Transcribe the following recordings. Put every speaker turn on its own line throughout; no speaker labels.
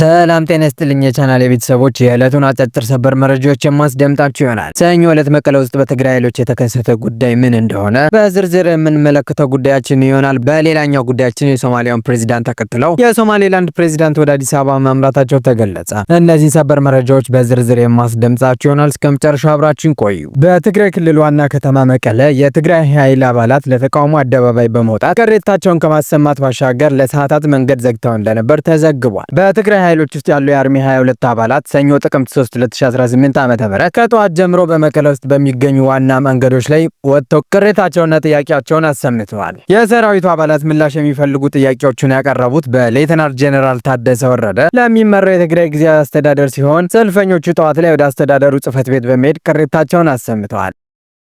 ሰላም ጤና ይስጥልኝ የቻናል የቤተሰቦች የዕለቱን አጫጭር ሰበር መረጃዎች የማስደምጣችሁ ይሆናል። ሰኞ ዕለት መቀለ ውስጥ በትግራይ ኃይሎች የተከሰተ ጉዳይ ምን እንደሆነ በዝርዝር የምንመለከተው ጉዳያችን ይሆናል። በሌላኛው ጉዳያችን የሶማሊያውን ፕሬዚዳንት ተከትለው የሶማሌላንድ ፕሬዚዳንት ወደ አዲስ አበባ ማምራታቸው ተገለጸ። እነዚህን ሰበር መረጃዎች በዝርዝር የማስደምጻችሁ ይሆናል። እስከ መጨረሻ አብራችን ቆዩ። በትግራይ ክልል ዋና ከተማ መቀለ የትግራይ ኃይል አባላት ለተቃውሞ አደባባይ በመውጣት ቅሬታቸውን ከማሰማት ባሻገር ለሰዓታት መንገድ ዘግተው እንደነበር ተዘግቧል። በትግራይ ኃይሎች ውስጥ ያሉ የአርሚ 22 አባላት ሰኞ ጥቅምት 3 2018 ም ከጠዋት ጀምሮ በመቀለ ውስጥ በሚገኙ ዋና መንገዶች ላይ ወጥተው ቅሬታቸውና ጥያቄያቸውን አሰምተዋል። የሰራዊቱ አባላት ምላሽ የሚፈልጉ ጥያቄዎቹን ያቀረቡት በሌተናል ጄኔራል ታደሰ ወረደ ለሚመራው የትግራይ ጊዜያዊ አስተዳደር ሲሆን ሰልፈኞቹ ጠዋት ላይ ወደ አስተዳደሩ ጽሕፈት ቤት በመሄድ ቅሬታቸውን አሰምተዋል።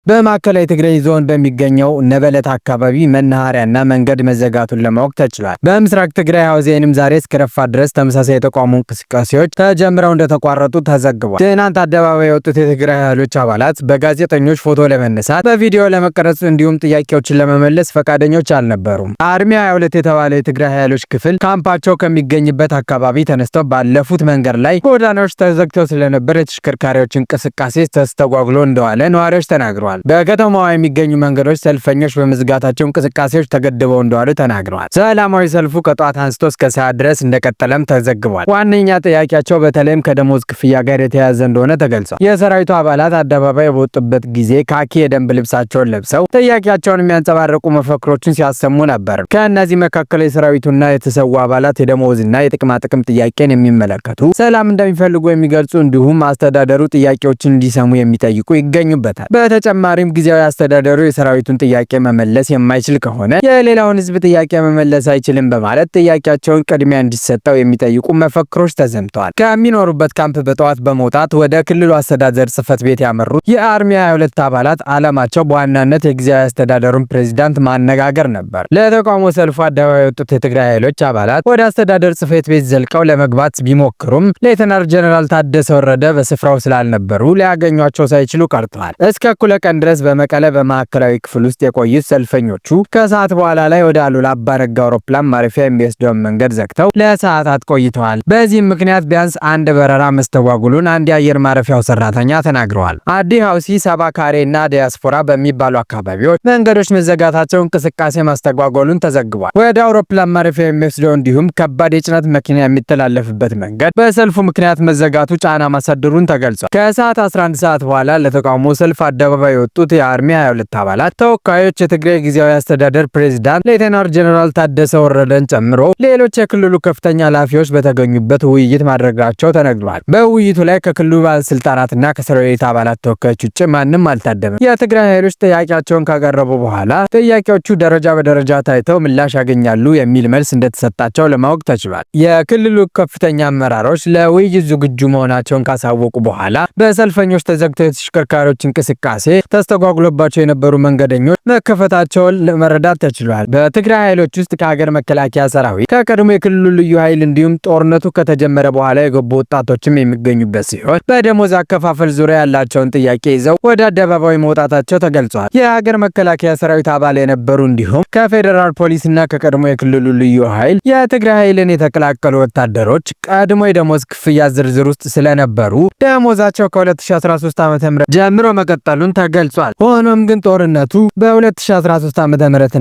በማዕከላዊ ትግራይ ዞን በሚገኘው ነበለት አካባቢ መናኸሪያና መንገድ መዘጋቱን ለማወቅ ተችሏል። በምስራቅ ትግራይ ሐውዜንም ዛሬ እስከ ረፋድ ድረስ ተመሳሳይ የተቋሙ እንቅስቃሴዎች ተጀምረው እንደተቋረጡ ተዘግቧል። ትናንት አደባባይ የወጡት የትግራይ ኃይሎች አባላት በጋዜጠኞች ፎቶ ለመነሳት፣ በቪዲዮ ለመቀረጽ እንዲሁም ጥያቄዎችን ለመመለስ ፈቃደኞች አልነበሩም። አርሚ 22 የተባለ የትግራይ ኃይሎች ክፍል ካምፓቸው ከሚገኝበት አካባቢ ተነስተው ባለፉት መንገድ ላይ ጎዳናዎች ተዘግተው ስለነበር የተሽከርካሪዎች እንቅስቃሴ ተስተጓጉሎ እንደዋለ ነዋሪዎች ተናግረዋል። ተናግረዋል። በከተማዋ የሚገኙ መንገዶች ሰልፈኞች በመዝጋታቸው እንቅስቃሴዎች ተገድበው እንደዋሉ ተናግረዋል። ሰላማዊ ሰልፉ ከጠዋት አንስቶ እስከ ሰዓት ድረስ እንደቀጠለም ተዘግቧል። ዋነኛ ጥያቄያቸው በተለይም ከደሞዝ ክፍያ ጋር የተያያዘ እንደሆነ ተገልጿል። የሰራዊቱ አባላት አደባባይ በወጡበት ጊዜ ካኪ የደንብ ልብሳቸውን ለብሰው ጥያቄያቸውን የሚያንጸባርቁ መፈክሮችን ሲያሰሙ ነበር። ከእነዚህ መካከል የሰራዊቱና የተሰዉ አባላት የደሞዝና የጥቅማጥቅም ጥያቄን የሚመለከቱ ሰላም እንደሚፈልጉ የሚገልጹ እንዲሁም አስተዳደሩ ጥያቄዎችን እንዲሰሙ የሚጠይቁ ይገኙበታል። በተጨማ በተጨማሪም ጊዜያዊ አስተዳደሩ የሰራዊቱን ጥያቄ መመለስ የማይችል ከሆነ የሌላውን ህዝብ ጥያቄ መመለስ አይችልም በማለት ጥያቄያቸውን ቅድሚያ እንዲሰጠው የሚጠይቁ መፈክሮች ተዘምተዋል። ከሚኖሩበት ካምፕ በጠዋት በመውጣት ወደ ክልሉ አስተዳደር ጽህፈት ቤት ያመሩት የአርሚ 22 አባላት አለማቸው በዋናነት የጊዜያዊ አስተዳደሩን ፕሬዚዳንት ማነጋገር ነበር። ለተቃውሞ ሰልፉ አደባባይ የወጡት የትግራይ ኃይሎች አባላት ወደ አስተዳደር ጽህፈት ቤት ዘልቀው ለመግባት ቢሞክሩም ሌተናር ጀነራል ታደሰ ወረደ በስፍራው ስላልነበሩ ሊያገኟቸው ሳይችሉ ቀርተዋል። እስከ እኩለ ቀን ቀን ድረስ በመቀለ በማዕከላዊ ክፍል ውስጥ የቆዩት ሰልፈኞቹ ከሰዓት በኋላ ላይ ወደ አሉላ አባ አውሮፕላን ማረፊያ የሚወስደውን መንገድ ዘግተው ለሰዓታት ቆይተዋል። በዚህም ምክንያት ቢያንስ አንድ በረራ መስተጓጉሉን አንድ የአየር ማረፊያው ሰራተኛ ተናግረዋል። አዲ ሀውሲ፣ ሰባ ካሬ እና ዲያስፖራ በሚባሉ አካባቢዎች መንገዶች መዘጋታቸው እንቅስቃሴ ማስተጓጎሉን ተዘግቧል። ወደ አውሮፕላን ማረፊያ የሚወስደው እንዲሁም ከባድ የጭነት መኪና የሚተላለፍበት መንገድ በሰልፉ ምክንያት መዘጋቱ ጫና ማሳደሩን ተገልጿል። ከሰዓት 11 ሰዓት በኋላ ለተቃውሞ ሰልፍ አደባባይ የወጡት የአርሚ 22 አባላት ተወካዮች የትግራይ ጊዜያዊ አስተዳደር ፕሬዚዳንት ሌተናር ጀነራል ታደሰ ወረደን ጨምሮ ሌሎች የክልሉ ከፍተኛ ኃላፊዎች በተገኙበት ውይይት ማድረጋቸው ተነግሯል። በውይይቱ ላይ ከክልሉ ባለስልጣናትና ከሰራዊት አባላት ተወካዮች ውጭ ማንም አልታደመም። የትግራይ ኃይሎች ጥያቄያቸውን ካቀረቡ በኋላ ጥያቄዎቹ ደረጃ በደረጃ ታይተው ምላሽ ያገኛሉ የሚል መልስ እንደተሰጣቸው ለማወቅ ተችሏል። የክልሉ ከፍተኛ አመራሮች ለውይይት ዝግጁ መሆናቸውን ካሳወቁ በኋላ በሰልፈኞች ተዘግተው የተሽከርካሪዎች እንቅስቃሴ ተስተጓጉሎባቸው የነበሩ መንገደኞች መከፈታቸውን መረዳት ተችሏል። በትግራይ ኃይሎች ውስጥ ከሀገር መከላከያ ሰራዊት፣ ከቀድሞ የክልሉ ልዩ ኃይል እንዲሁም ጦርነቱ ከተጀመረ በኋላ የገቡ ወጣቶችም የሚገኙበት ሲሆን በደሞዝ አከፋፈል ዙሪያ ያላቸውን ጥያቄ ይዘው ወደ አደባባይ መውጣታቸው ተገልጿል። የሀገር መከላከያ ሰራዊት አባል የነበሩ እንዲሁም ከፌዴራል ፖሊስና ከቀድሞ የክልሉ ልዩ ኃይል የትግራይ ኃይልን የተቀላቀሉ ወታደሮች ቀድሞ የደሞዝ ክፍያ ዝርዝር ውስጥ ስለነበሩ ደሞዛቸው ከ2013 ዓ ም ጀምሮ መቀጠሉን ተገ ገልጿል። ሆኖም ግን ጦርነቱ በ2013 ዓ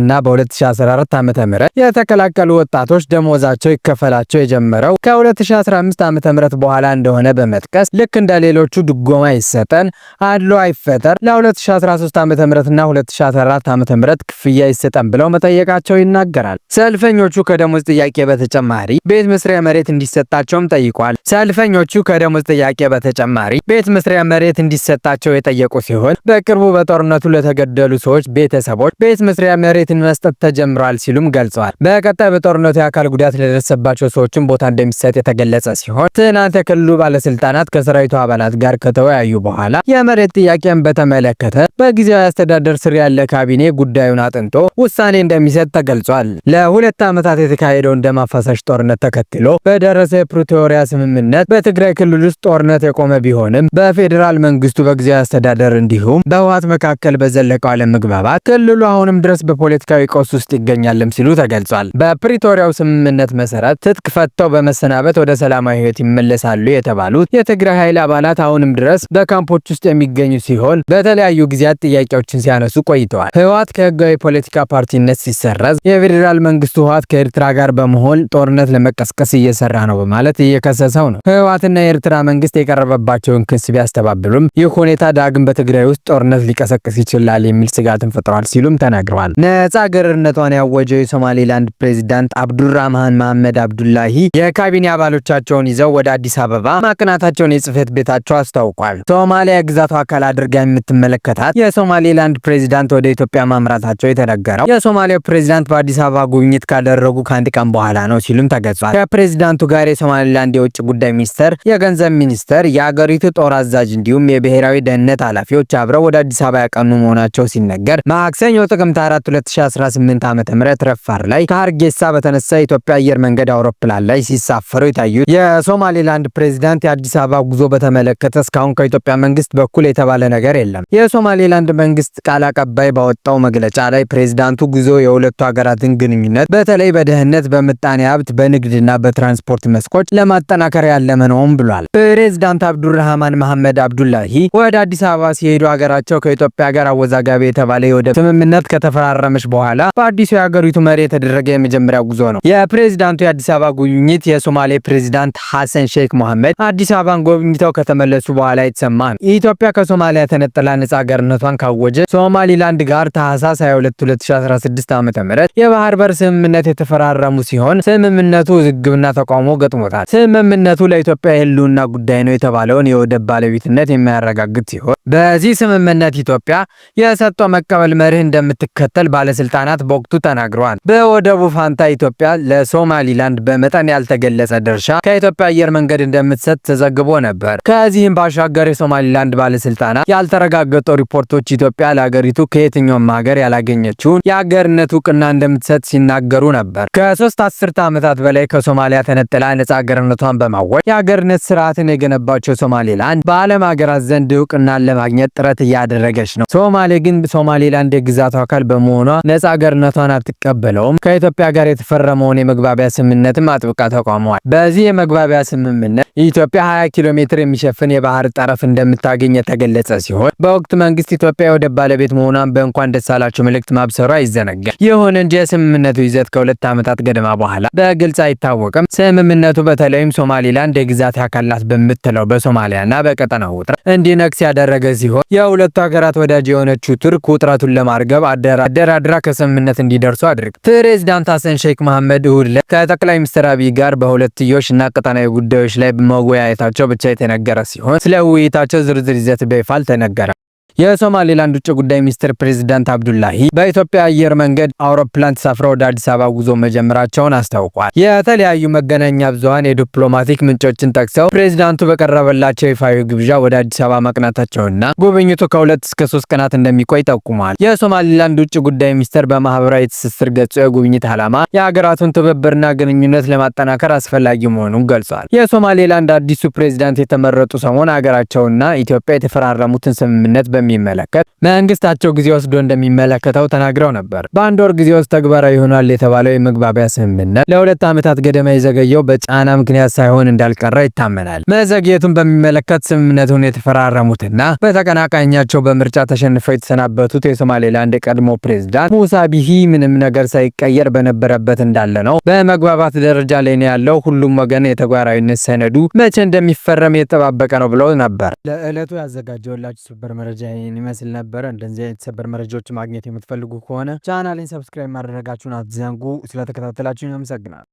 እና በ2014 ዓ ም የተቀላቀሉ ወጣቶች ደሞዛቸው ይከፈላቸው የጀመረው ከ2015 ዓ ም በኋላ እንደሆነ በመጥቀስ ልክ እንደ ሌሎቹ ድጎማ ይሰጠን፣ አድሎ አይፈጠር፣ ለ2013 ዓ ምና 2014 ዓ ም ክፍያ ይሰጠን ብለው መጠየቃቸው ይናገራል። ሰልፈኞቹ ከደሞዝ ጥያቄ በተጨማሪ ቤት መስሪያ መሬት እንዲሰጣቸውም ጠይቋል። ሰልፈኞቹ ከደሞዝ ጥያቄ በተጨማሪ ቤት መስሪያ መሬት እንዲሰጣቸው የጠየቁ ሲሆን በቅርቡ በጦርነቱ ለተገደሉ ሰዎች ቤተሰቦች ቤት መስሪያ መሬትን መስጠት ተጀምሯል ሲሉም ገልጸዋል። በቀጣይ በጦርነቱ የአካል ጉዳት ለደረሰባቸው ሰዎችም ቦታ እንደሚሰጥ የተገለጸ ሲሆን ትናንት የክልሉ ባለስልጣናት ከሰራዊቱ አባላት ጋር ከተወያዩ በኋላ የመሬት ጥያቄን በተመለከተ በጊዜያዊ አስተዳደር ስር ያለ ካቢኔ ጉዳዩን አጥንቶ ውሳኔ እንደሚሰጥ ተገልጿል። ለሁለት ዓመታት የተካሄደውን ደም አፋሳሽ ጦርነት ተከትሎ በደረሰ የፕሪቶሪያ ስምምነት በትግራይ ክልል ውስጥ ጦርነት የቆመ ቢሆንም በፌዴራል መንግስቱ በጊዜያዊ አስተዳደር እንዲሁም በህወሓት መካከል በዘለቀው አለመግባባት ክልሉ አሁንም ድረስ በፖለቲካዊ ቀውስ ውስጥ ይገኛልም ሲሉ ተገልጿል። በፕሪቶሪያው ስምምነት መሰረት ትጥቅ ፈተው በመሰናበት ወደ ሰላማዊ ህይወት ይመለሳሉ የተባሉት የትግራይ ኃይል አባላት አሁንም ድረስ በካምፖች ውስጥ የሚገኙ ሲሆን በተለያዩ ጊዜያት ጥያቄዎችን ሲያነሱ ቆይተዋል። ህወሓት ከህጋዊ ፖለቲካ ፓርቲነት ሲሰረዝ የፌዴራል መንግስቱ ህወሓት ከኤርትራ ጋር በመሆን ጦርነት ለመቀስቀስ እየሰራ ነው በማለት እየከሰሰው ነው። ህወሓትና የኤርትራ መንግስት የቀረበባቸውን ክስ ቢያስተባብሉም ይህ ሁኔታ ዳግም በትግራይ ውስጥ ጦር ጦርነት ሊቀሰቅስ ይችላል የሚል ስጋትን ፈጥሯል ሲሉም ተናግረዋል። ነጻ አገርነቷን ያወጀው የሶማሌላንድ ፕሬዚዳንት አብዱራህማን መሐመድ አብዱላሂ የካቢኔ አባሎቻቸውን ይዘው ወደ አዲስ አበባ ማቅናታቸውን የጽህፈት ቤታቸው አስታውቋል። ሶማሊያ ግዛቷ አካል አድርጋ የምትመለከታት የሶማሌላንድ ፕሬዚዳንት ወደ ኢትዮጵያ ማምራታቸው የተነገረው የሶማሊያው ፕሬዚዳንት በአዲስ አበባ ጉብኝት ካደረጉ ከአንድ ቀን በኋላ ነው ሲሉም ተገልጿል። ከፕሬዚዳንቱ ጋር የሶማሌላንድ የውጭ ጉዳይ ሚኒስተር፣ የገንዘብ ሚኒስተር፣ የአገሪቱ ጦር አዛዥ እንዲሁም የብሔራዊ ደህንነት ኃላፊዎች አብረው ወደ አዲስ አበባ ያቀኑ መሆናቸው ሲነገር ማክሰኞ ጥቅምት 4 2018 ዓ.ም ረፋር ላይ ከሀርጌሳ በተነሳ የኢትዮጵያ አየር መንገድ አውሮፕላን ላይ ሲሳፈሩ የታዩት የሶማሌላንድ ፕሬዚዳንት የአዲስ አበባ ጉዞ በተመለከተ እስካሁን ከኢትዮጵያ መንግስት በኩል የተባለ ነገር የለም። የሶማሌላንድ መንግስት ቃል አቀባይ ባወጣው መግለጫ ላይ ፕሬዚዳንቱ ጉዞ የሁለቱ ሀገራትን ግንኙነት በተለይ በደህንነት፣ በምጣኔ ሀብት፣ በንግድና በትራንስፖርት መስኮች ለማጠናከር ያለመ ነውም ብሏል። ፕሬዚዳንት አብዱራህማን መሐመድ አብዱላሂ ወደ አዲስ አበባ ሲሄዱ ሀገራ ሀገራቸው ከኢትዮጵያ ጋር አወዛጋቢ የተባለ የወደብ ስምምነት ከተፈራረመች በኋላ በአዲሱ የሀገሪቱ መሪ የተደረገ የመጀመሪያ ጉዞ ነው። የፕሬዚዳንቱ የአዲስ አበባ ጉብኝት የሶማሌ ፕሬዚዳንት ሐሰን ሼክ መሐመድ አዲስ አበባን ጎብኝተው ከተመለሱ በኋላ የተሰማ ነው። ኢትዮጵያ ከሶማሊያ የተነጠላ ነጻ ሀገርነቷን ካወጀ ሶማሊላንድ ጋር ታህሳስ 22 2016 ዓ ም የባህር በር ስምምነት የተፈራረሙ ሲሆን ስምምነቱ ውዝግብና ተቃውሞ ገጥሞታል። ስምምነቱ ለኢትዮጵያ የህልውና ጉዳይ ነው የተባለውን የወደብ ባለቤትነት የሚያረጋግጥ ሲሆን በዚህ ስምምነት በዋናነት ኢትዮጵያ የሰጥቶ መቀበል መርህ እንደምትከተል ባለስልጣናት በወቅቱ ተናግረዋል። በወደቡ ፋንታ ኢትዮጵያ ለሶማሊላንድ በመጠን ያልተገለጸ ድርሻ ከኢትዮጵያ አየር መንገድ እንደምትሰጥ ተዘግቦ ነበር። ከዚህም ባሻገር የሶማሊላንድ ባለስልጣናት ያልተረጋገጡ ሪፖርቶች ኢትዮጵያ ለሀገሪቱ ከየትኛውም ሀገር ያላገኘችውን የሀገርነት እውቅና እንደምትሰጥ ሲናገሩ ነበር። ከሶስት አስርተ ዓመታት በላይ ከሶማሊያ ተነጥላ ነጻ ሀገርነቷን በማወጅ የሀገርነት ስርዓትን የገነባቸው ሶማሌላንድ በዓለም ሀገራት ዘንድ እውቅናን ለማግኘት ጥረት እያ እያደረገች ነው። ሶማሌ ግን ሶማሌላንድ የግዛቱ አካል በመሆኗ ነጻ አገርነቷን አትቀበለውም። ከኢትዮጵያ ጋር የተፈረመውን የመግባቢያ ስምምነትም አጥብቃ ተቋመዋል። በዚህ የመግባቢያ ስምምነት ኢትዮጵያ 20 ኪሎ ሜትር የሚሸፍን የባህር ጠረፍ እንደምታገኝ የተገለጸ ሲሆን በወቅት መንግስት ኢትዮጵያ የወደብ ባለቤት መሆኗን በእንኳን ደስ አላችሁ መልእክት ማብሰሯ ይዘነጋል። ይሁን እንጂ የስምምነቱ ይዘት ከሁለት ዓመታት ገደማ በኋላ በግልጽ አይታወቅም። ስምምነቱ በተለይም ሶማሌላንድ የግዛት አካል ናት በምትለው በሶማሊያና በቀጠናው ውጥረት እንዲነግስ ያደረገ ሲሆን የሁለቱ ሀገራት ወዳጅ የሆነችው ቱርክ ውጥረቱን ለማርገብ አደራድራ ከስምምነት እንዲደርሱ አድርግ። ፕሬዚዳንት ሀሰን ሼክ መሐመድ እሁድ ዕለት ከጠቅላይ ሚኒስትር አብይ ጋር በሁለትዮሽ እና ቀጣናዊ ጉዳዮች ላይ መወያየታቸው ብቻ የተነገረ ሲሆን ስለ ውይይታቸው ዝርዝር ይዘት በይፋ አልተነገረም። የሶማሌላንድ ውጭ ጉዳይ ሚኒስትር ፕሬዚዳንት አብዱላሂ በኢትዮጵያ አየር መንገድ አውሮፕላን ተሳፍረው ወደ አዲስ አበባ ጉዞ መጀመራቸውን አስታውቋል። የተለያዩ መገናኛ ብዙሃን የዲፕሎማቲክ ምንጮችን ጠቅሰው ፕሬዚዳንቱ በቀረበላቸው ይፋዊ ግብዣ ወደ አዲስ አበባ መቅናታቸውና ጉብኝቱ ከሁለት እስከ ሶስት ቀናት እንደሚቆይ ጠቁሟል። የሶማሌላንድ ውጭ ጉዳይ ሚኒስትር በማህበራዊ ትስስር ገጹ የጉብኝት ዓላማ የሀገራቱን ትብብርና ግንኙነት ለማጠናከር አስፈላጊ መሆኑን ገልጿል። የሶማሌላንድ አዲሱ ፕሬዚዳንት የተመረጡ ሰሞን ሀገራቸውና ኢትዮጵያ የተፈራረሙትን ስምምነት በ እንደሚመለከት መንግስታቸው ጊዜ ወስዶ እንደሚመለከተው ተናግረው ነበር። በአንድ ወር ጊዜ ውስጥ ተግባራዊ ይሆናል የተባለው የመግባቢያ ስምምነት ለሁለት ዓመታት ገደማ የዘገየው በጫና ምክንያት ሳይሆን እንዳልቀረ ይታመናል። መዘግየቱን በሚመለከት ስምምነቱን የተፈራረሙትና በተቀናቃኛቸው በምርጫ ተሸንፈው የተሰናበቱት የሶማሌላንድ የቀድሞ ፕሬዝዳንት ሙሳ ቢሂ ምንም ነገር ሳይቀየር በነበረበት እንዳለ ነው። በመግባባት ደረጃ ላይ ነው ያለው። ሁሉም ወገን የተግባራዊነት ሰነዱ መቼ እንደሚፈረም የተጠባበቀ ነው ብለው ነበር። ለዕለቱ ያዘጋጀውላችሁ ሱፐር መረጃ ይህን ይመስል ነበረ። እንደዚህ የተሰበር መረጃዎች ማግኘት የምትፈልጉ ከሆነ ቻናሌን ሰብስክራይብ ማድረጋችሁን አትዘንጉ። ስለተከታተላችሁን አመሰግናል።